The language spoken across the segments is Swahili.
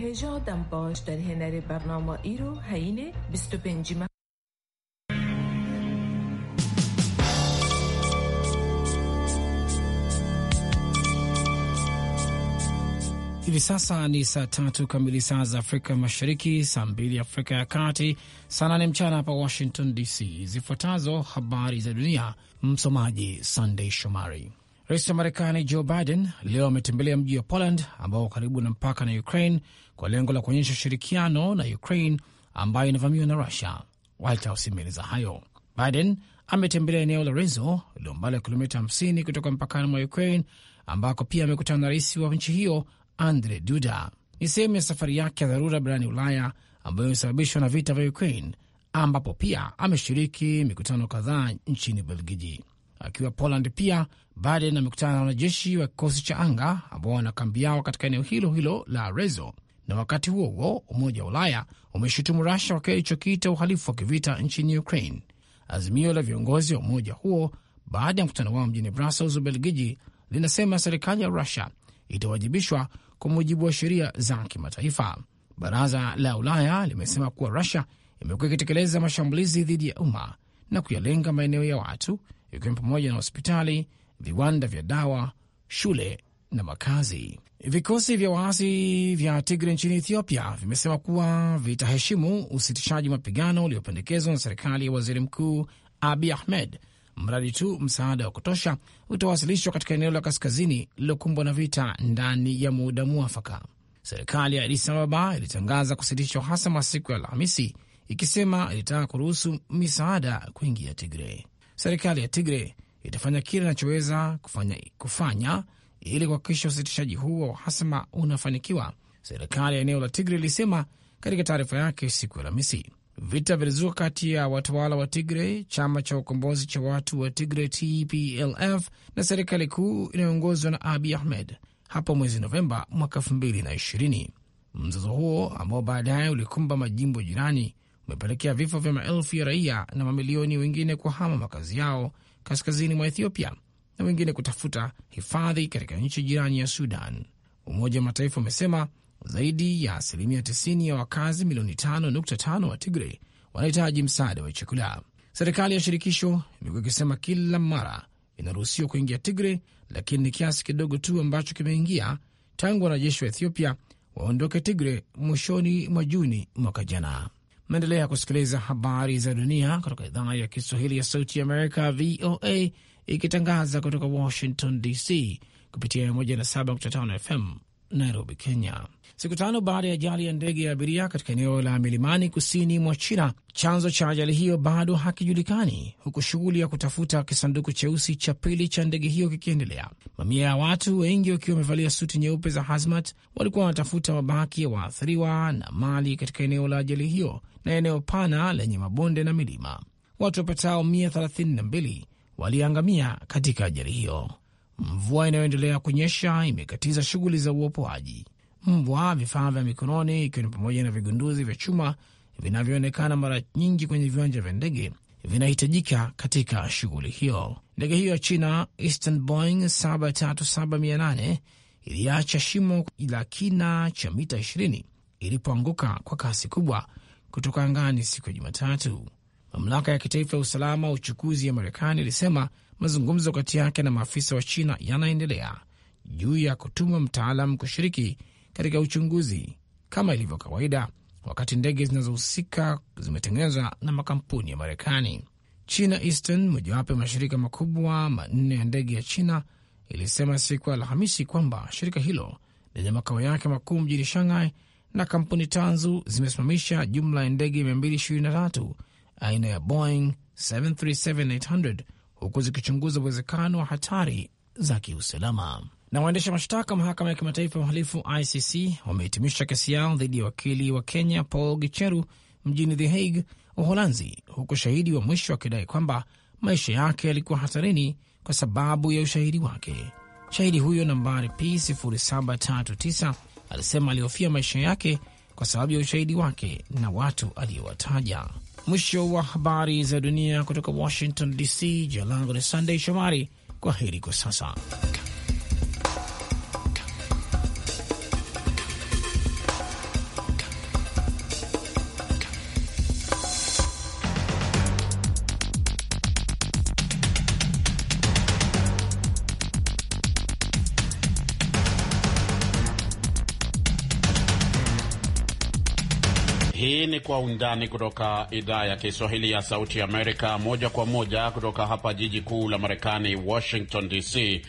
ҳежа дамбош дар ҳенари барномаирӯ ҳаине бисту пенҷима Hivi sasa ni saa tatu kamili, saa za Afrika Mashariki, saa mbili Afrika ya Kati, saa nane mchana hapa Washington DC. Zifuatazo habari za dunia, msomaji Sandei Shomari. Rais wa Marekani Joe Biden leo ametembelea mji wa Poland ambao karibu na mpaka na Ukraine kwa lengo la kuonyesha ushirikiano na Ukraine ambayo inavamiwa na Rusia. White House imeeleza hayo. Biden ametembelea eneo la Rezo lililo mbali wa kilomita 50 kutoka mpakani mwa Ukraine, ambako pia amekutana na rais wa nchi hiyo Andre Duda. Ni sehemu ya safari yake ya dharura barani Ulaya ambayo imesababishwa na vita vya Ukraine, ambapo pia ameshiriki mikutano kadhaa nchini Belgiji akiwa Poland pia Biden amekutana na wanajeshi wa kikosi cha anga ambao wana kambi yao katika eneo hilo hilo la Rezo. Na wakati huo huo, Umoja wa Ulaya umeshutumu Rusia kwa kile ilichokiita uhalifu wa kivita nchini Ukraine. Azimio la viongozi wa umoja huo baada ya mkutano wao mjini Brussels, Ubelgiji, linasema serikali ya Rusia itawajibishwa kwa mujibu wa sheria za kimataifa. Baraza la Ulaya limesema kuwa Rusia imekuwa ikitekeleza mashambulizi dhidi ya umma na kuyalenga maeneo ya watu ikiwemo pamoja na hospitali, viwanda vya dawa, shule na makazi. Vikosi vya waasi vya Tigre nchini Ethiopia vimesema kuwa vitaheshimu usitishaji mapigano uliopendekezwa na serikali ya waziri mkuu Abi Ahmed mradi tu msaada wa kutosha utawasilishwa katika eneo la kaskazini lililokumbwa na vita ndani ya muda mwafaka Serikali ya Adis Ababa ilitangaza kusitishwa hasama siku ya Alhamisi, ikisema ilitaka kuruhusu misaada kuingia Tigrei serikali ya Tigre itafanya kile inachoweza kufanya, kufanya ili kuhakikisha usitishaji huu wa uhasama unafanikiwa. Serikali ya eneo la Tigre ilisema katika taarifa yake siku ya Alhamisi vita vilizuka kati ya watawala wa Tigre, chama cha ukombozi cha watu wa Tigre TPLF na serikali kuu inayoongozwa na Abi Ahmed hapo mwezi Novemba mwaka 220 Mzozo huo ambao baadaye ulikumba majimbo jirani umepelekea vifo vya maelfu ya raia na mamilioni wengine kuhama makazi yao kaskazini mwa Ethiopia na wengine kutafuta hifadhi katika nchi jirani ya Sudan. Umoja wa Mataifa umesema zaidi ya asilimia 90 ya wakazi milioni 5.5 wa Tigray wanahitaji msaada wa chakula. Serikali ya shirikisho imekuwa ikisema kila mara inaruhusiwa kuingia Tigray, lakini ni kiasi kidogo tu ambacho kimeingia tangu wanajeshi wa Ethiopia waondoke Tigray mwishoni mwa Juni mwaka jana. Naendelea kusikiliza habari za dunia kutoka idhaa ya Kiswahili ya Sauti ya Amerika, VOA, ikitangaza kutoka Washington DC kupitia 107.5 FM Nairobi, Kenya. Siku tano baada ya ajali ya ndege ya abiria katika eneo la milimani kusini mwa China, chanzo cha ajali hiyo bado hakijulikani, huku shughuli ya kutafuta kisanduku cheusi cha pili cha ndege hiyo kikiendelea. Mamia ya watu wengi wakiwa wamevalia suti nyeupe za hazmat walikuwa wanatafuta mabaki ya waathiriwa na mali katika eneo la ajali hiyo na eneo pana lenye mabonde na milima. Watu wapatao 132 waliangamia katika ajali hiyo. Mvua inayoendelea kunyesha imekatiza shughuli za uopoaji. Mbwa, vifaa vya mikononi, ikiwa ni pamoja na vigunduzi vya chuma vinavyoonekana mara nyingi kwenye viwanja vya ndege, vinahitajika katika shughuli hiyo. Ndege hiyo ya China Eastern Boeing 737-800 iliacha shimo la kina cha mita 20 ilipoanguka kwa kasi kubwa kutoka angani siku ya Jumatatu. Mamlaka ya kitaifa ya usalama wa uchukuzi ya Marekani ilisema mazungumzo kati yake na maafisa wa China yanaendelea juu ya kutuma mtaalam kushiriki katika uchunguzi kama ilivyo kawaida, wakati ndege zinazohusika zimetengenezwa na makampuni ya Marekani. China Eastern, mojawapo ya mashirika makubwa manne ya ndege ya China, ilisema siku ya Alhamisi kwamba shirika hilo lenye makao yake makuu mjini Shanghai na kampuni tanzu zimesimamisha jumla ya ndege 223 aina ya Boeing 737-800 huku zikichunguza uwezekano wa hatari za kiusalama. Na waendesha mashtaka mahakama ya kimataifa ya uhalifu ICC wamehitimisha kesi yao dhidi ya wakili wa Kenya Paul Gicheru mjini The Hague, Uholanzi, huku shahidi wa mwisho akidai kwamba maisha yake yalikuwa hatarini kwa sababu ya ushahidi wake. Shahidi huyo nambari P 0739 alisema alihofia maisha yake kwa sababu ya ushahidi wake na watu aliyowataja. Mwisho wa habari za dunia kutoka Washington DC. Jina langu ni sandey Shomari. Kwa heri kwa sasa. kwa undani kutoka idhaa ya Kiswahili ya Sauti Amerika, moja kwa moja kutoka hapa jiji kuu la Marekani, Washington DC,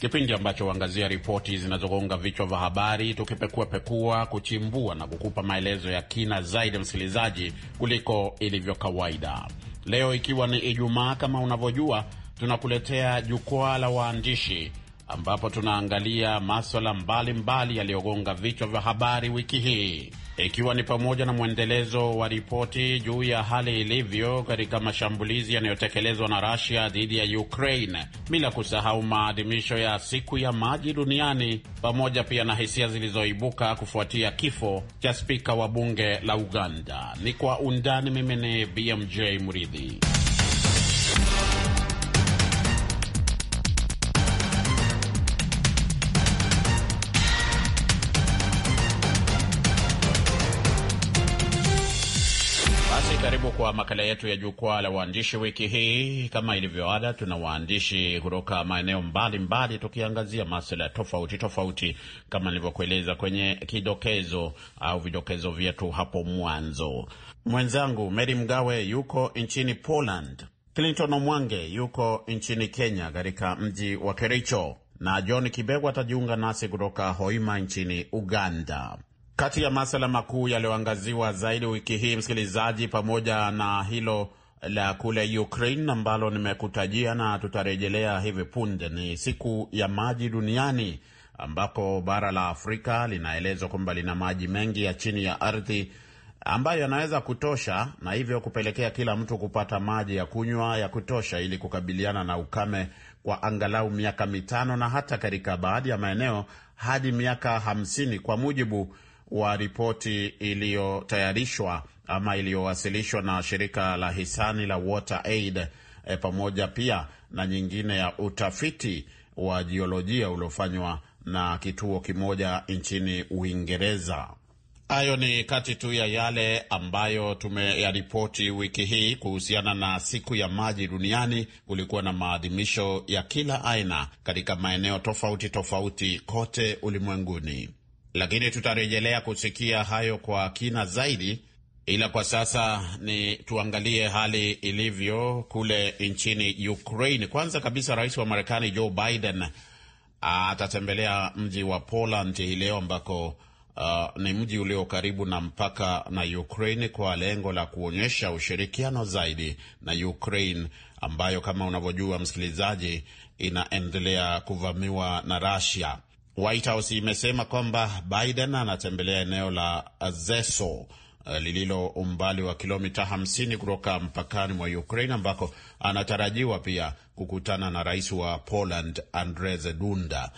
kipindi ambacho huangazia ripoti zinazogonga vichwa vya habari, tukipekuapekua, kuchimbua na kukupa maelezo ya kina zaidi, msikilizaji, kuliko ilivyo kawaida. Leo ikiwa ni Ijumaa, kama unavyojua, tunakuletea jukwaa la waandishi ambapo tunaangalia maswala mbalimbali yaliyogonga vichwa vya habari wiki hii ikiwa ni pamoja na mwendelezo wa ripoti juu ya hali ilivyo katika mashambulizi yanayotekelezwa na Russia dhidi ya Ukraine, bila kusahau maadhimisho ya siku ya maji duniani, pamoja pia na hisia zilizoibuka kufuatia kifo cha spika wa bunge la Uganda. Ni kwa undani. Mimi ni BMJ Muridhi. Karibu kwa makala yetu ya jukwaa la waandishi wiki hii. Kama ilivyo ada, tuna waandishi kutoka maeneo mbalimbali, tukiangazia masala tofauti tofauti, kama nilivyokueleza kwenye kidokezo au vidokezo vyetu hapo mwanzo. Mwenzangu Mary Mgawe yuko nchini Poland, Clinton Omwange yuko nchini Kenya katika mji wa Kericho, na John Kibegwa atajiunga nasi kutoka Hoima nchini Uganda. Kati ya masala makuu yaliyoangaziwa zaidi wiki hii, msikilizaji, pamoja na hilo la kule Ukraine ambalo nimekutajia na tutarejelea hivi punde, ni siku ya maji duniani ambapo bara la Afrika linaelezwa kwamba lina maji mengi ya chini ya ardhi ambayo yanaweza kutosha na hivyo kupelekea kila mtu kupata maji ya kunywa ya kutosha ili kukabiliana na ukame kwa angalau miaka mitano na hata katika baadhi ya maeneo hadi miaka hamsini kwa mujibu wa ripoti iliyotayarishwa ama iliyowasilishwa na shirika la hisani la Water Aid e, pamoja pia na nyingine ya utafiti wa jiolojia uliofanywa na kituo kimoja nchini Uingereza. Hayo ni kati tu ya yale ambayo tumeyaripoti wiki hii kuhusiana na siku ya maji duniani. Kulikuwa na maadhimisho ya kila aina katika maeneo tofauti tofauti kote ulimwenguni lakini tutarejelea kusikia hayo kwa kina zaidi, ila kwa sasa ni tuangalie hali ilivyo kule nchini Ukraine. Kwanza kabisa, rais wa Marekani Joe Biden atatembelea mji wa Poland hii leo ambako Uh, ni mji ulio karibu na mpaka na Ukraine kwa lengo la kuonyesha ushirikiano zaidi na Ukraine ambayo kama unavyojua msikilizaji, inaendelea kuvamiwa na Russia. White House imesema kwamba Biden anatembelea eneo la Zeso eh, lililo umbali wa kilomita 50 kutoka mpakani mwa Ukraine ambako anatarajiwa pia kukutana na rais wa Poland Andrzej Duda.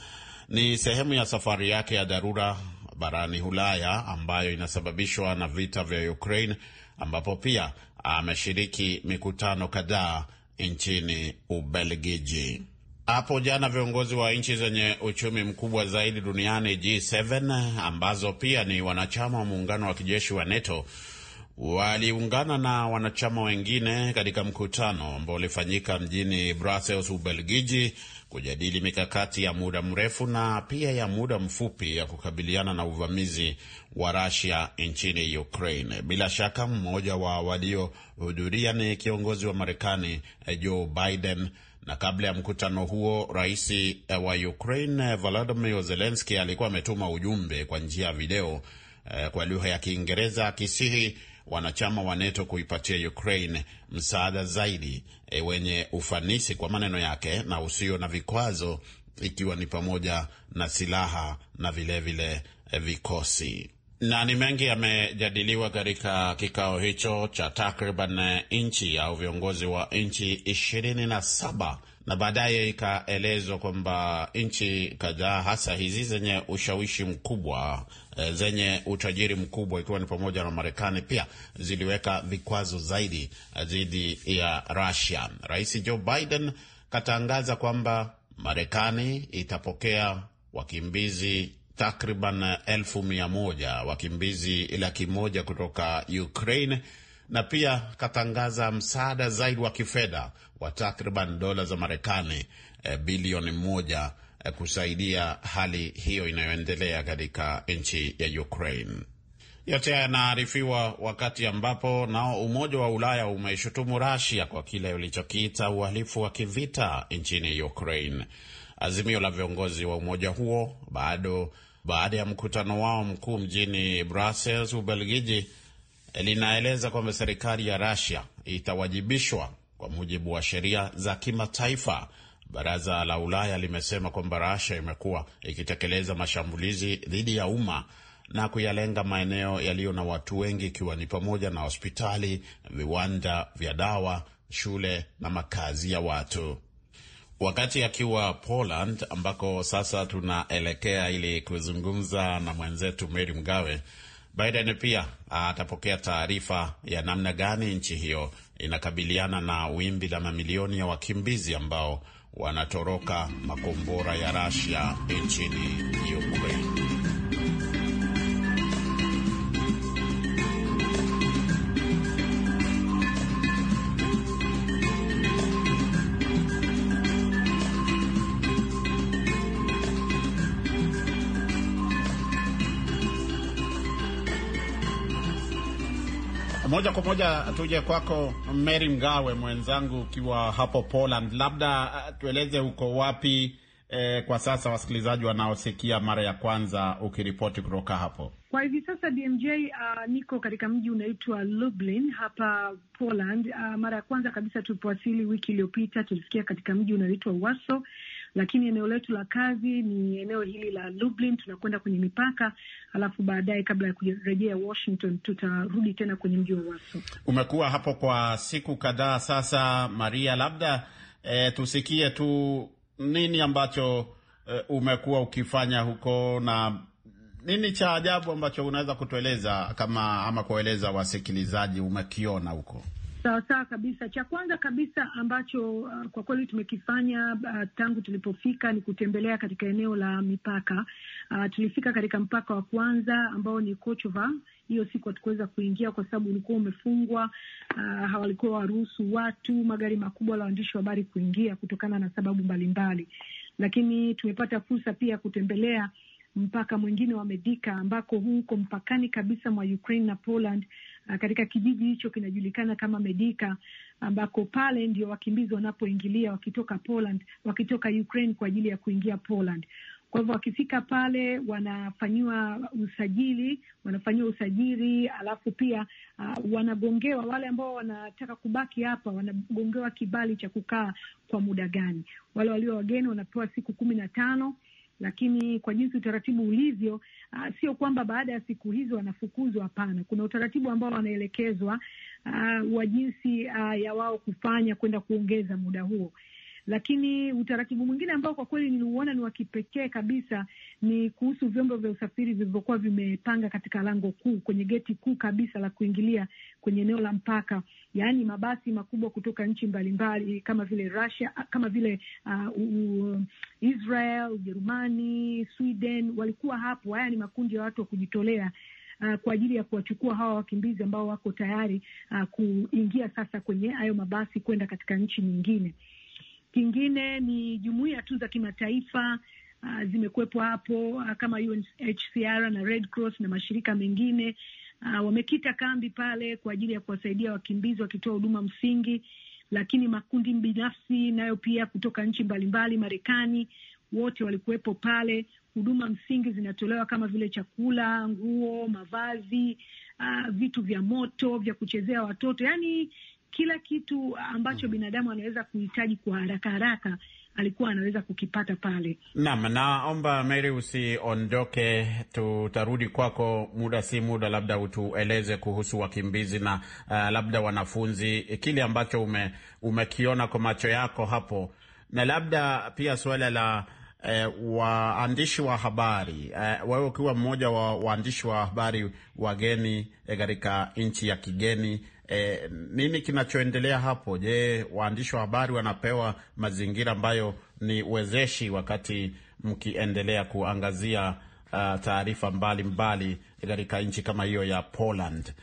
Ni sehemu ya safari yake ya dharura barani Ulaya ambayo inasababishwa na vita vya Ukraine, ambapo pia ameshiriki mikutano kadhaa nchini Ubelgiji. Hapo jana viongozi wa nchi zenye uchumi mkubwa zaidi duniani G7, ambazo pia ni wanachama wa muungano wa kijeshi wa NATO waliungana na wanachama wengine katika mkutano ambao ulifanyika mjini Brussels, Ubelgiji, kujadili mikakati ya muda mrefu na pia ya muda mfupi ya kukabiliana na uvamizi wa Russia nchini Ukraine. Bila shaka mmoja wa waliohudhuria ni kiongozi wa Marekani eh, Joe Biden na kabla ya mkutano huo, rais eh, wa Ukraine eh, Volodymyr Zelensky alikuwa ametuma ujumbe kwa njia ya video eh, kwa lugha ya Kiingereza akisihi wanachama wa NATO kuipatia Ukraine msaada zaidi e, wenye ufanisi kwa maneno yake, na usio na vikwazo, ikiwa ni pamoja na silaha na vilevile vile, e, vikosi. Na ni mengi yamejadiliwa katika kikao hicho cha takriban nchi au viongozi wa nchi ishirini na saba na baadaye ikaelezwa kwamba nchi kadhaa hasa hizi zenye ushawishi mkubwa eh, zenye utajiri mkubwa ikiwa ni pamoja na Marekani pia ziliweka vikwazo zaidi eh, dhidi ya Russia. Rais Joe Biden katangaza kwamba Marekani itapokea wakimbizi takriban elfu mia moja wakimbizi laki moja kutoka Ukraine na pia katangaza msaada zaidi wa kifedha wa takriban dola za Marekani e, bilioni moja e, kusaidia hali hiyo inayoendelea katika nchi ya Ukraine. Yote haya yanaarifiwa wakati ambapo nao Umoja wa Ulaya umeishutumu Rasia kwa kile ulichokiita uhalifu wa kivita nchini Ukraine. Azimio la viongozi wa umoja huo bado baada ya mkutano wao mkuu mjini Brussels, Ubelgiji, linaeleza kwamba serikali ya Russia itawajibishwa kwa mujibu wa sheria za kimataifa. Baraza la Ulaya limesema kwamba Russia imekuwa ikitekeleza mashambulizi dhidi ya umma na kuyalenga maeneo yaliyo na watu wengi ikiwa ni pamoja na hospitali, viwanda vya dawa, shule na makazi ya watu. Wakati akiwa Poland ambako sasa tunaelekea ili kuzungumza na mwenzetu Meri Mgawe, Biden pia atapokea taarifa ya namna gani nchi hiyo inakabiliana na wimbi la mamilioni ya wakimbizi ambao wanatoroka makombora ya Russia nchini Ukraine. Moja kwa moja tuje kwako Mary Mgawe, mwenzangu, ukiwa hapo Poland, labda uh, tueleze uko wapi eh, kwa sasa wasikilizaji wanaosikia mara ya kwanza ukiripoti kutoka hapo? Kwa hivi sasa BMJ, uh, niko katika mji unaitwa Lublin hapa Poland. Uh, mara ya kwanza kabisa tulipowasili wiki iliyopita tulisikia katika mji unaoitwa Warsaw lakini eneo letu la kazi ni eneo hili la Lublin, tunakwenda kwenye mipaka, alafu baadaye kabla ya kurejea Washington tutarudi tena kwenye mji wa Warsaw. Umekuwa hapo kwa siku kadhaa sasa, Maria, labda e, tusikie tu nini ambacho e, umekuwa ukifanya huko na nini cha ajabu ambacho unaweza kutueleza kama ama kueleza wasikilizaji umekiona huko? Sawa sawa kabisa. Cha kwanza kabisa ambacho uh, kwa kweli tumekifanya uh, tangu tulipofika ni kutembelea katika eneo la mipaka uh, tulifika katika mpaka wa kwanza ambao ni Kochova. Hiyo siku hatukuweza kuingia kwa sababu ulikuwa umefungwa. Uh, hawalikuwa waruhusu watu, magari makubwa la waandishi wa habari kuingia kutokana na sababu mbalimbali mbali. Lakini tumepata fursa pia ya kutembelea mpaka mwingine wa Medika ambako huko mpakani kabisa mwa Ukraine na Poland Eh, katika kijiji hicho kinajulikana kama Medika, ambako pale ndio wakimbizi wanapoingilia wakitoka Poland, wakitoka Ukraine kwa ajili ya kuingia Poland. Kwa hivyo wakifika pale wanafanyiwa usajili, wanafanyiwa usajili, alafu pia uh, wanagongewa wale ambao wanataka kubaki hapa, wanagongewa kibali cha kukaa kwa muda gani. Wale walio wageni wanapewa siku kumi na tano lakini kwa jinsi utaratibu ulivyo, uh, sio kwamba baada ya siku hizo wanafukuzwa. Hapana, kuna utaratibu ambao wanaelekezwa uh, wa jinsi uh, ya wao kufanya kwenda kuongeza muda huo. Lakini utaratibu mwingine ambao kwa kweli niliuona ni wa kipekee kabisa ni kuhusu vyombo vya usafiri vilivyokuwa vimepanga katika lango kuu, kwenye geti kuu kabisa la kuingilia kwenye eneo la mpaka, yaani mabasi makubwa kutoka nchi mbalimbali kama vile Russia, kama vile uh, uh, Israel, Ujerumani, Sweden walikuwa hapo. Haya ni makundi ya watu wa kujitolea Uh, kwa ajili ya kuwachukua hawa wakimbizi ambao wako tayari uh, kuingia sasa kwenye hayo mabasi kwenda katika nchi nyingine. Kingine ni jumuiya tu za kimataifa uh, zimekuwepo hapo uh, kama UNHCR na Red Cross na mashirika mengine uh, wamekita kambi pale kwa ajili ya kuwasaidia wakimbizi wakitoa huduma msingi, lakini makundi binafsi nayo pia kutoka nchi mbalimbali, Marekani, wote walikuwepo pale. Huduma msingi zinatolewa kama vile chakula, nguo, mavazi, uh, vitu vya moto vya kuchezea watoto, yani kila kitu ambacho mhm. binadamu anaweza kuhitaji kwa haraka haraka alikuwa anaweza kukipata pale. Naam, naomba Mary usiondoke, tutarudi kwako muda si muda, labda utueleze kuhusu wakimbizi na uh, labda wanafunzi, kile ambacho ume, umekiona kwa macho yako hapo, na labda pia suala la eh, waandishi wa habari eh, wewe ukiwa mmoja wa waandishi wa habari wageni eh, katika nchi ya kigeni E, eh, nini kinachoendelea hapo? Je, waandishi wa habari wanapewa mazingira ambayo ni wezeshi wakati mkiendelea kuangazia uh, taarifa mbalimbali katika nchi kama hiyo ya Poland?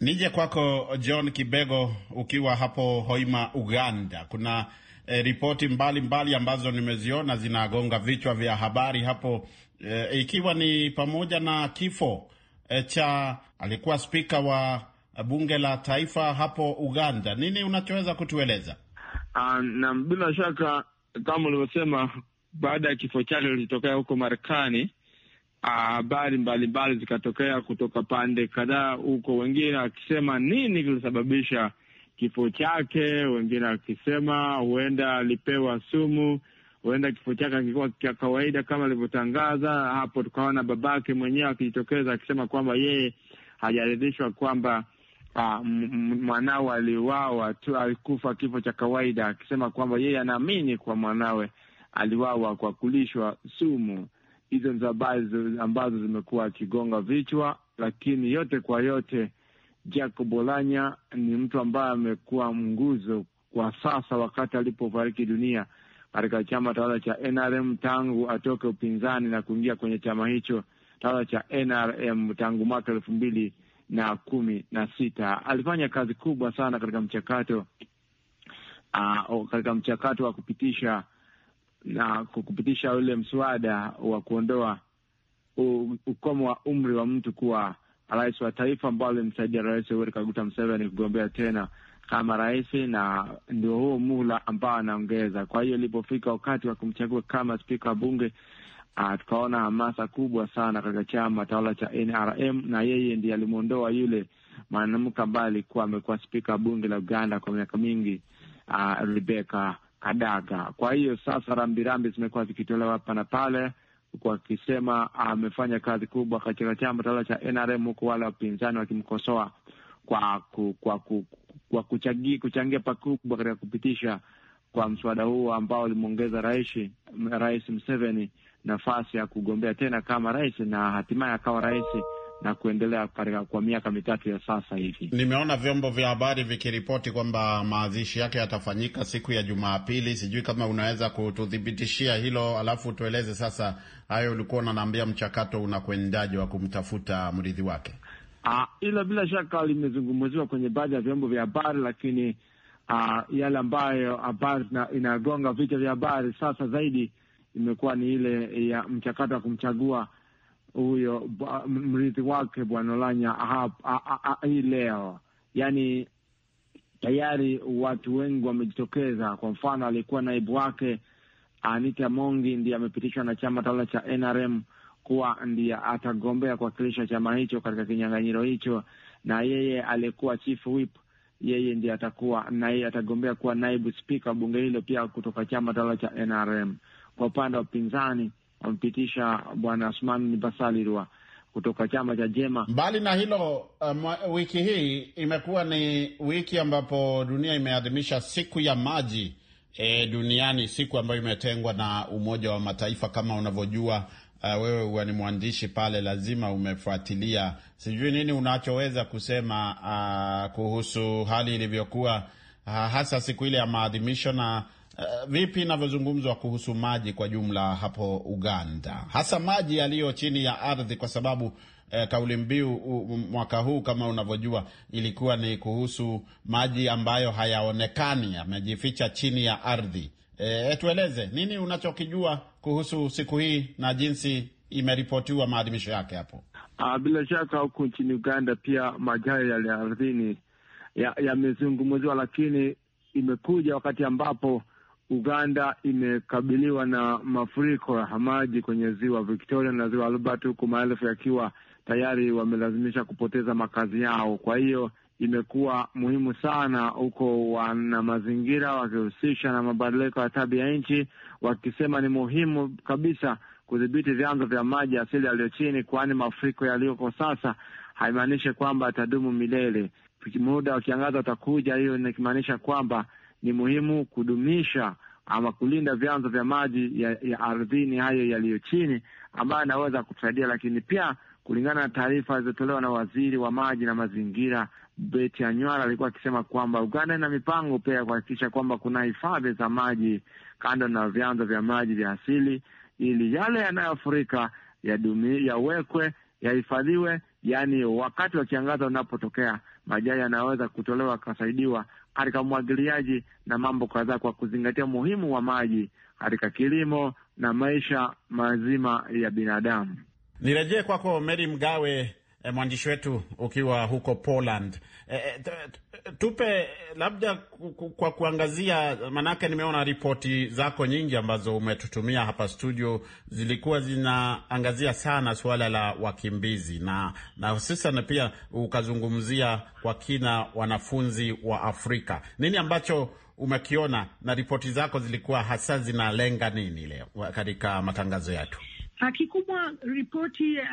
Nije kwako John Kibego, ukiwa hapo Hoima, Uganda. Kuna eh, ripoti mbalimbali ambazo nimeziona zinagonga vichwa vya habari hapo eh, ikiwa ni pamoja na kifo eh, cha alikuwa spika wa bunge la taifa hapo Uganda. Nini unachoweza kutueleza? Uh, bila shaka kama ulivyosema, baada ya kifo chake lilitokea huko Marekani, ah, habari mbalimbali zikatokea kutoka pande kadhaa huko, wengine wakisema nini kilisababisha kifo chake, wengine wakisema huenda alipewa sumu, huenda kifo chake akikuwa cha kawaida kama alivyotangaza hapo. Tukaona babake mwenyewe akijitokeza akisema kwamba yeye hajaridhishwa kwamba Ah, mwanao aliwawa tu, alikufa kifo cha kawaida, akisema kwamba yeye anaamini kwa mwanawe aliwawa kwa kulishwa sumu. Hizo ni habari ambazo zimekuwa akigonga vichwa, lakini yote kwa yote, Jacob Olanya ni mtu ambaye amekuwa mnguzo kwa sasa, wakati alipofariki dunia katika chama tawala cha NRM tangu atoke upinzani na kuingia kwenye chama hicho tawala cha NRM tangu mwaka elfu mbili na kumi na sita. Alifanya kazi kubwa sana katika mchakato uh, katika mchakato wa kupitisha na kupitisha ule mswada wa kuondoa ukomo wa umri wa mtu kuwa rais wa taifa ambao limsaidia Rais Yoweri Kaguta Museveni kugombea tena kama rais, na ndio huo muhula ambao anaongeza. Kwa hiyo ilipofika wakati wa kumchagua kama spika wa bunge Ah, tukaona hamasa kubwa sana katika chama tawala cha NRM, na yeye ndiye alimwondoa yule mwanamke ambaye alikuwa amekuwa spika bunge la Uganda kwa miaka mingi, uh, Rebecca Kadaga. Kwa hiyo sasa rambirambi zimekuwa zikitolewa hapa na pale, huku akisema amefanya uh, kazi kubwa katika chama tawala cha NRM, huku wale wapinzani wakimkosoa kwa ku, kwa, ku, kwa kuchangia kuchangia pakubwa katika kupitisha kwa mswada huo ambao ulimwongeza rais Museveni nafasi ya kugombea tena kama rais na hatimaye akawa rais na kuendelea katika kwa miaka mitatu ya sasa hivi. Nimeona vyombo vya habari vikiripoti kwamba maadhishi yake yatafanyika siku ya Jumapili. Sijui kama unaweza kututhibitishia hilo, alafu tueleze sasa, hayo ulikuwa unanaambia mchakato unakwendaje wa kumtafuta mrithi wake. Hilo ah, bila shaka limezungumziwa kwenye baadhi ya vyombo vya habari, lakini ah, yale ambayo habari inagonga vichwa vya habari sasa zaidi imekuwa ni ile ya mchakato wa kumchagua huyo mrithi wake Bwana Olanya hii leo. Yani tayari watu wengi wamejitokeza. Kwa mfano, alikuwa naibu wake Anita Mongi ndiye amepitishwa na chama tawala cha NRM kuwa ndiye atagombea kuwakilisha chama hicho katika kinyang'anyiro hicho, na yeye aliyekuwa chief whip yeye ndiye atakuwa na yeye atagombea kuwa naibu spika wa bunge hilo pia kutoka chama tawala cha NRM kwa upande wa upinzani wamepitisha bwana Asmani Basalirwa kutoka chama cha Jema. Mbali na hilo, um, wiki hii imekuwa ni wiki ambapo dunia imeadhimisha siku ya maji e, duniani, siku ambayo imetengwa na Umoja wa Mataifa. Kama unavyojua uh, wewe huwa ni mwandishi pale, lazima umefuatilia. Sijui nini unachoweza kusema uh, kuhusu hali ilivyokuwa uh, hasa siku ile ya maadhimisho na Uh, vipi inavyozungumzwa kuhusu maji kwa jumla hapo Uganda, hasa maji yaliyo chini ya ardhi, kwa sababu eh, kauli mbiu mwaka huu kama unavyojua ilikuwa ni kuhusu maji ambayo hayaonekani, yamejificha chini ya ardhi. Eh, tueleze nini unachokijua kuhusu siku hii na jinsi imeripotiwa maadhimisho yake hapo. Uh, bila shaka huku nchini Uganda pia maji hayo yale ardhini yamezungumziwa, ya lakini imekuja wakati ambapo Uganda imekabiliwa na mafuriko ya maji kwenye ziwa Victoria na ziwa Albert, huku maelfu yakiwa tayari wamelazimisha kupoteza makazi yao. Kwa hiyo imekuwa muhimu sana huko, wana mazingira wakihusisha na mabadiliko ya tabia nchi, wakisema ni muhimu kabisa kudhibiti vyanzo vya maji asili yaliyo chini, kwani mafuriko yaliyoko sasa haimaanishi kwamba yatadumu milele. Muda wa kiangazi utakuja, hiyo inakimaanisha kwamba ni muhimu kudumisha ama kulinda vyanzo vya maji ya, ya ardhini hayo yaliyo chini ambayo anaweza kutusaidia, lakini pia kulingana na taarifa zilizotolewa na waziri wa maji na mazingira Beti Anywar alikuwa akisema kwamba Uganda ina mipango pia ya kuhakikisha kwamba kuna hifadhi za maji kando na vyanzo vya maji vya asili, ili yale yanayofurika yawekwe, yahifadhiwe, yaani wakati wa kiangaza unapotokea majai yanaweza kutolewa akasaidiwa katika umwagiliaji na mambo kadhaa, kwa kuzingatia umuhimu wa maji katika kilimo na maisha mazima ya binadamu. Nirejee kwako Mary Mgawe eh, mwandishi wetu ukiwa huko Poland, eh, eh tupe labda kwa kuangazia, maanake nimeona ripoti zako nyingi ambazo umetutumia hapa studio zilikuwa zinaangazia sana suala la wakimbizi na na hususan pia ukazungumzia kwa kina wanafunzi wa Afrika. Nini ambacho umekiona na ripoti zako zilikuwa hasa zinalenga nini leo katika matangazo yetu? Ah, kikubwa ripoti uh,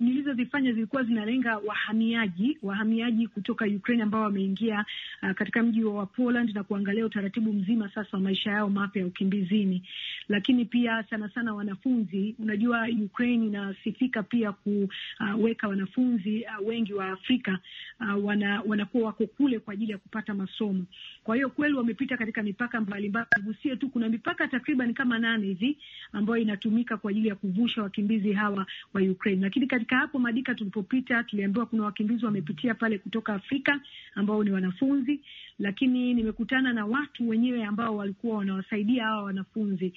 nilizozifanya zilikuwa zinalenga wahamiaji, wahamiaji kutoka Ukraine ambao wameingia uh, katika mji wa Poland na kuangalia utaratibu mzima sasa wa maisha yao mapya ya ukimbizini, lakini pia sana sana wanafunzi. Unajua, Ukraine inasifika pia kuweka ah, uh, wanafunzi uh, wengi wa Afrika uh, wana, wanakuwa wako kule kwa ajili ya kupata masomo. Kwa hiyo kweli wamepita katika mipaka mbalimbali, gusie tu kuna mipaka takriban kama nane hivi ambayo inatumika kwa ajili ya kuvusha wakimbizi hawa wa Ukraine. Lakini katika hapo Madika tulipopita, tuliambiwa kuna wakimbizi wamepitia pale kutoka Afrika ambao ni wanafunzi lakini nimekutana na watu wenyewe ambao walikuwa wanawasaidia hawa wanafunzi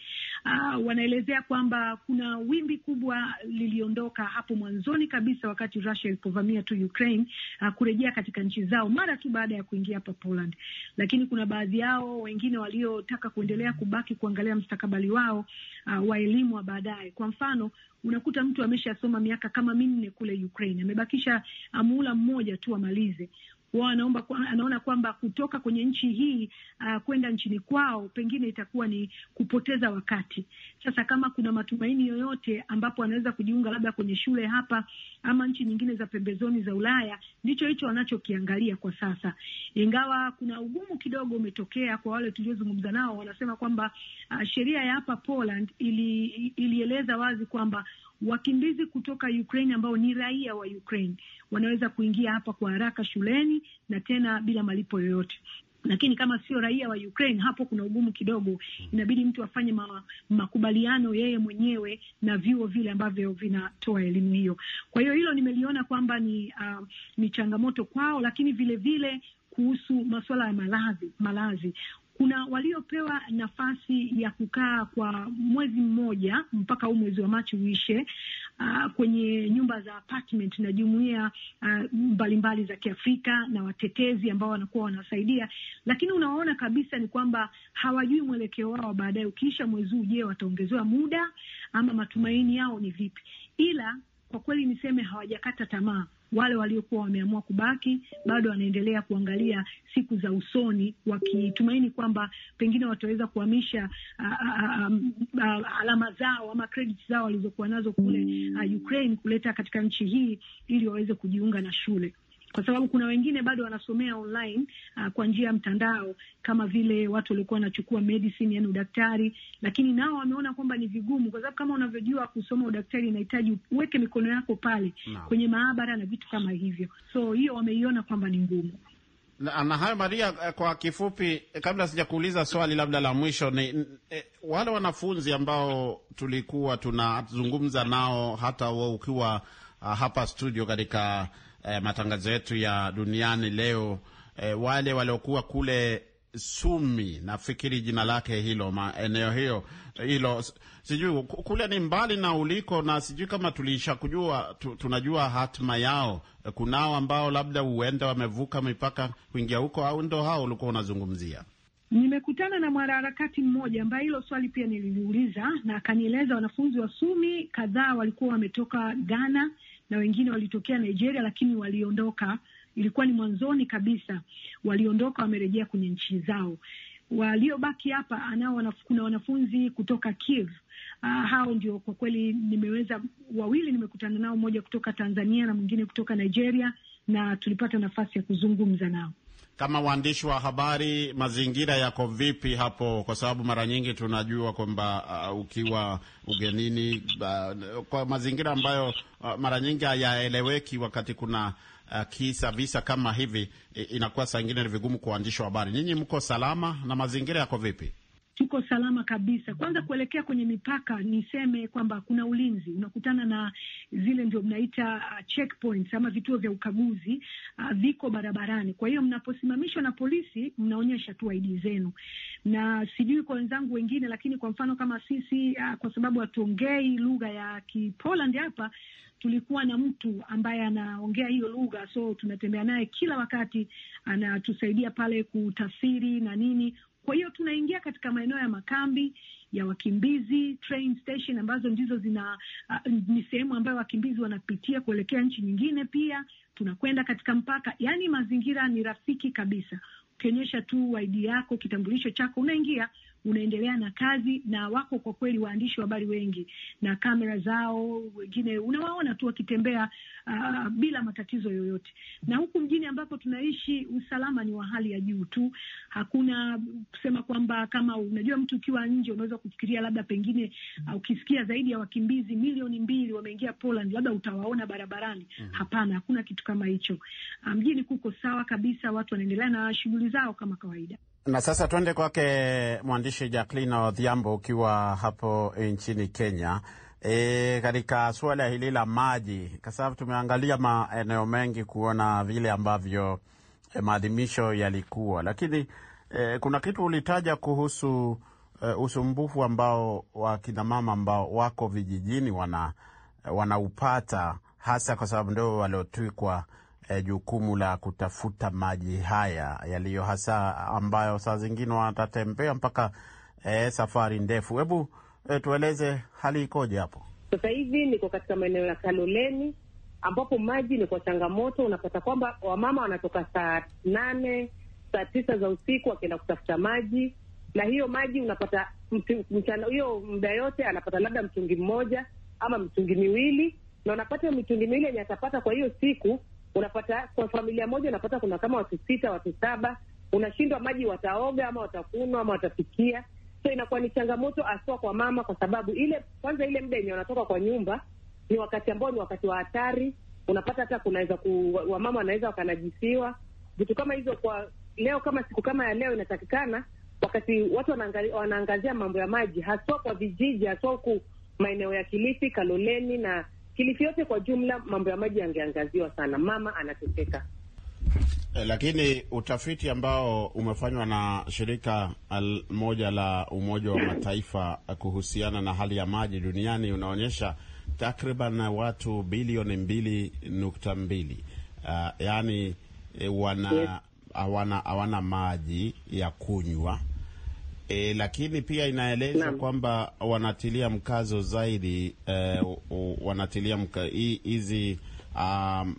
Aa, ah, wanaelezea kwamba kuna wimbi kubwa liliondoka hapo mwanzoni kabisa wakati Russia ilipovamia tu Ukraine, ah, kurejea katika nchi zao mara tu baada ya kuingia hapa Poland, lakini kuna baadhi yao wengine waliotaka kuendelea kubaki kuangalia mstakabali wao uh, wa elimu wa baadaye. Kwa mfano unakuta mtu ameshasoma miaka kama minne kule Ukraine, amebakisha muhula mmoja tu amalize wao anaomba kwa, anaona kwamba kutoka kwenye nchi hii uh, kwenda nchini kwao pengine itakuwa ni kupoteza wakati. Sasa kama kuna matumaini yoyote ambapo anaweza kujiunga labda kwenye shule hapa ama nchi nyingine za pembezoni za Ulaya, ndicho hicho anachokiangalia kwa sasa, ingawa kuna ugumu kidogo umetokea kwa wale tuliozungumza nao, wanasema kwamba uh, sheria ya hapa Poland ili, ilieleza wazi kwamba wakimbizi kutoka Ukraine ambao ni raia wa Ukraine wanaweza kuingia hapa kwa haraka shuleni na tena bila malipo yoyote lakini kama sio raia wa Ukraine hapo kuna ugumu kidogo. Inabidi mtu afanye ma, makubaliano yeye mwenyewe na vyuo vile ambavyo vinatoa elimu hiyo. Kwa hiyo hilo nimeliona kwamba ni, uh, ni changamoto kwao, lakini vilevile vile kuhusu masuala ya malazi malazi, kuna waliopewa nafasi ya kukaa kwa mwezi mmoja mpaka huu mwezi wa Machi uishe, uh, kwenye nyumba za apartment na jumuia uh, mbalimbali za Kiafrika na watetezi ambao wanakuwa wanasaidia, lakini unawaona kabisa ni kwamba hawajui mwelekeo wao baadaye, ukiisha mwezi huu, je, wataongezewa muda ama matumaini yao ni vipi? Ila kwa kweli niseme hawajakata tamaa wale waliokuwa wameamua kubaki bado wanaendelea kuangalia siku za usoni, wakitumaini kwamba pengine wataweza kuhamisha alama zao ama credits zao walizokuwa nazo kule Ukraine kuleta katika nchi hii ili waweze kujiunga na shule kwa sababu kuna wengine bado wanasomea online uh, kwa njia ya mtandao kama vile watu waliokuwa wanachukua medicine, yani udaktari, lakini nao wameona kwamba ni vigumu, kwa sababu kama unavyojua kusoma udaktari inahitaji uweke mikono yako pale no. kwenye maabara na vitu kama hivyo, so hiyo wameiona kwamba ni ngumu. Na, na hayo Maria, eh, kwa kifupi, eh, kabla sijakuuliza swali labda la mwisho ni eh, wale wanafunzi ambao tulikuwa tunazungumza nao hata ukiwa uh, hapa studio katika eh, matangazo yetu ya duniani leo eh, wale waliokuwa kule Sumi, nafikiri jina lake hilo, maeneo hiyo hilo, sijui kule ni mbali na uliko, na sijui kama tuliisha kujua tu, tunajua hatima yao. Eh, kunao ambao labda huenda wamevuka mipaka kuingia huko, au ndo hao ulikuwa unazungumzia? Nimekutana na mwanaharakati mmoja ambaye hilo swali pia nililiuliza, na akanieleza wanafunzi wa Sumi kadhaa walikuwa wametoka Ghana na wengine walitokea Nigeria, lakini waliondoka, ilikuwa ni mwanzoni kabisa, waliondoka wamerejea kwenye nchi zao. Waliobaki hapa anao wanaf, kuna wanafunzi kutoka Kiev. Ah, hao ndio kwa kweli nimeweza wawili, nimekutana nao, mmoja kutoka Tanzania na mwingine kutoka Nigeria, na tulipata nafasi ya kuzungumza nao kama waandishi wa habari, mazingira yako vipi hapo? Kwa sababu mara nyingi tunajua kwamba uh, ukiwa ugenini uh, kwa mazingira ambayo uh, mara nyingi hayaeleweki, wakati kuna uh, kisa visa kama hivi, inakuwa saa ingine ni vigumu kwa waandishi wa habari. Nyinyi mko salama na mazingira yako vipi? tuko salama kabisa. Kwanza kuelekea kwenye mipaka, niseme kwamba kuna ulinzi, unakutana na zile ndio mnaita uh, checkpoints ama vituo vya ukaguzi uh, viko barabarani. Kwa hiyo mnaposimamishwa na polisi, mnaonyesha tu ID zenu, na sijui kwa wenzangu wengine, lakini kwa mfano kama sisi uh, kwa sababu hatuongei lugha ya Kipoland hapa tulikuwa na mtu ambaye anaongea hiyo lugha, so tunatembea naye kila wakati, anatusaidia pale kutafsiri na nini. Kwa hiyo tunaingia katika maeneo ya makambi ya wakimbizi train station, ambazo ndizo zina uh, ni sehemu ambayo wakimbizi wanapitia kuelekea nchi nyingine. Pia tunakwenda katika mpaka, yaani mazingira ni rafiki kabisa. Ukionyesha tu ID yako, kitambulisho chako, unaingia unaendelea na kazi, na wako kwa kweli waandishi wa habari wengi na kamera zao, wengine unawaona tu wakitembea uh, bila matatizo yoyote. Na huku mjini ambapo tunaishi usalama ni wa hali ya juu tu, hakuna kusema kwamba kama unajua, mtu ukiwa nje unaweza kufikiria labda pengine, uh, ukisikia zaidi ya wakimbizi milioni mbili wameingia Poland, labda utawaona barabarani. mm -hmm. Hapana, hakuna kitu kama hicho mjini. Um, kuko sawa kabisa, watu wanaendelea na shughuli zao kama kawaida. Na sasa tuende kwake mwandishi Jacqueline Odhiambo, ukiwa hapo nchini Kenya. E, katika suala hili la maji, kwa sababu tumeangalia maeneo mengi kuona vile ambavyo e, maadhimisho yalikuwa, lakini e, kuna kitu ulitaja kuhusu e, usumbufu ambao wakinamama ambao wako vijijini wana e, wanaupata hasa kwa sababu ndio waliotwikwa eh, jukumu la kutafuta maji haya yaliyo hasa ambayo saa zingine watatembea mpaka eh, safari ndefu. Hebu eh, tueleze hali ikoje hapo sasa hivi? Niko katika maeneo ya Kaloleni ambapo maji ni kwa changamoto. Unapata kwamba wamama wanatoka saa nane saa tisa za usiku wakienda kutafuta maji, na hiyo maji unapata mchana, hiyo muda yote anapata labda mtungi mmoja ama mitungi miwili, na unapata mitungi miwili yenye atapata kwa hiyo siku unapata kwa familia moja, unapata kuna kama watu sita, watu saba, unashindwa maji wataoga ama watakunwa ama watapikia. So inakuwa ni changamoto aswa kwa mama, kwa sababu ile kwanza, ile muda yenye wanatoka kwa nyumba ni wakati ambao ni wakati wa hatari. Unapata hata kunaweza ku, wamama wanaweza wakanajisiwa, vitu kama hizo. Kwa leo kama siku kama ya leo, inatakikana wakati watu wanaangazia mambo ya maji, haswa kwa vijiji, haswa huku maeneo ya Kilifi, Kaloleni na Kilifi yote kwa jumla, mambo ya maji yangeangaziwa sana, mama anateseka. Eh, lakini utafiti ambao umefanywa na shirika moja la Umoja wa Mataifa kuhusiana na hali ya maji duniani unaonyesha takriban watu bilioni mbili nukta mbili uh, yaani eh, wana hawana yes, maji ya kunywa E, lakini pia inaelezwa kwamba wanatilia mkazo zaidi e, wanatilia hizi um,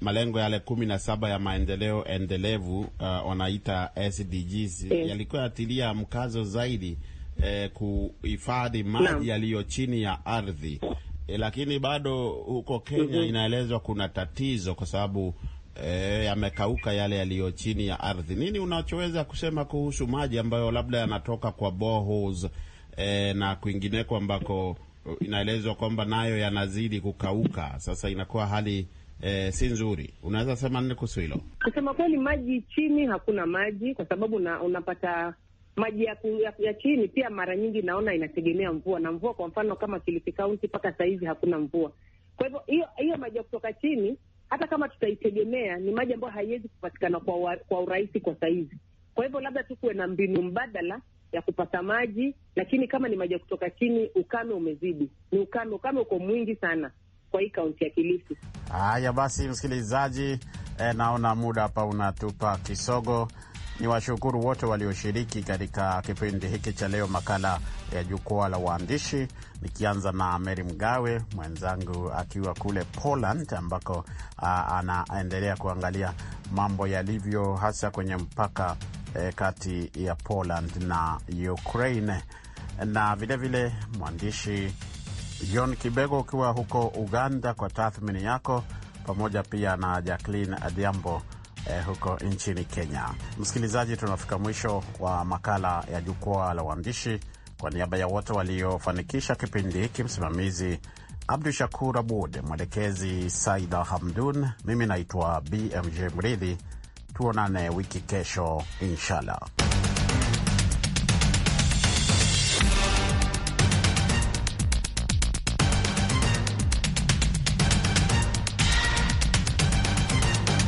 malengo yale kumi na saba ya maendeleo endelevu uh, wanaita SDGs e, yalikuwa yatilia mkazo zaidi e, kuhifadhi maji yaliyo chini ya ardhi e, lakini bado huko Kenya mm -hmm. inaelezwa kuna tatizo kwa sababu e, yamekauka yale yaliyo chini ya ardhi. Nini unachoweza kusema kuhusu maji ambayo labda yanatoka kwa boreholes e, na kwingineko ambako inaelezwa kwamba nayo yanazidi kukauka, sasa inakuwa hali E, si nzuri. Unaweza sema nini kuhusu hilo? Kusema kweli, maji chini hakuna maji, kwa sababu na, unapata maji ya, ya, ya chini pia mara nyingi naona inategemea mvua na mvua. Kwa mfano kama Kilifi Kaunti mpaka sahizi hakuna mvua, kwa hivyo hiyo maji ya kutoka chini hata kama tutaitegemea, ni maji ambayo haiwezi kupatikana kwa, kwa urahisi kwa sahizi. Kwa hivyo labda tu kuwe na mbinu mbadala ya kupata maji, lakini kama ni maji ya kutoka chini, ukame umezidi, ni ukame, ukame uko mwingi sana kwa hii kaunti ya Kilifi. Haya basi, msikilizaji, eh, naona muda hapa unatupa kisogo. Ni washukuru wote walioshiriki katika kipindi hiki cha leo, makala ya jukwaa la waandishi, nikianza na Meri Mgawe mwenzangu akiwa kule Poland ambako anaendelea kuangalia mambo yalivyo hasa kwenye mpaka e, kati ya Poland na Ukraine, na vilevile mwandishi John Kibego ukiwa huko Uganda kwa tathmini yako, pamoja pia na Jacqueline Adiambo eh, huko nchini Kenya. Msikilizaji, tunafika mwisho wa makala ya jukwaa la waandishi. Kwa niaba ya wote waliofanikisha kipindi hiki, msimamizi Abdu Shakur Abud, mwelekezi Saida Hamdun, mimi naitwa BMJ Mridhi. Tuonane wiki kesho inshallah.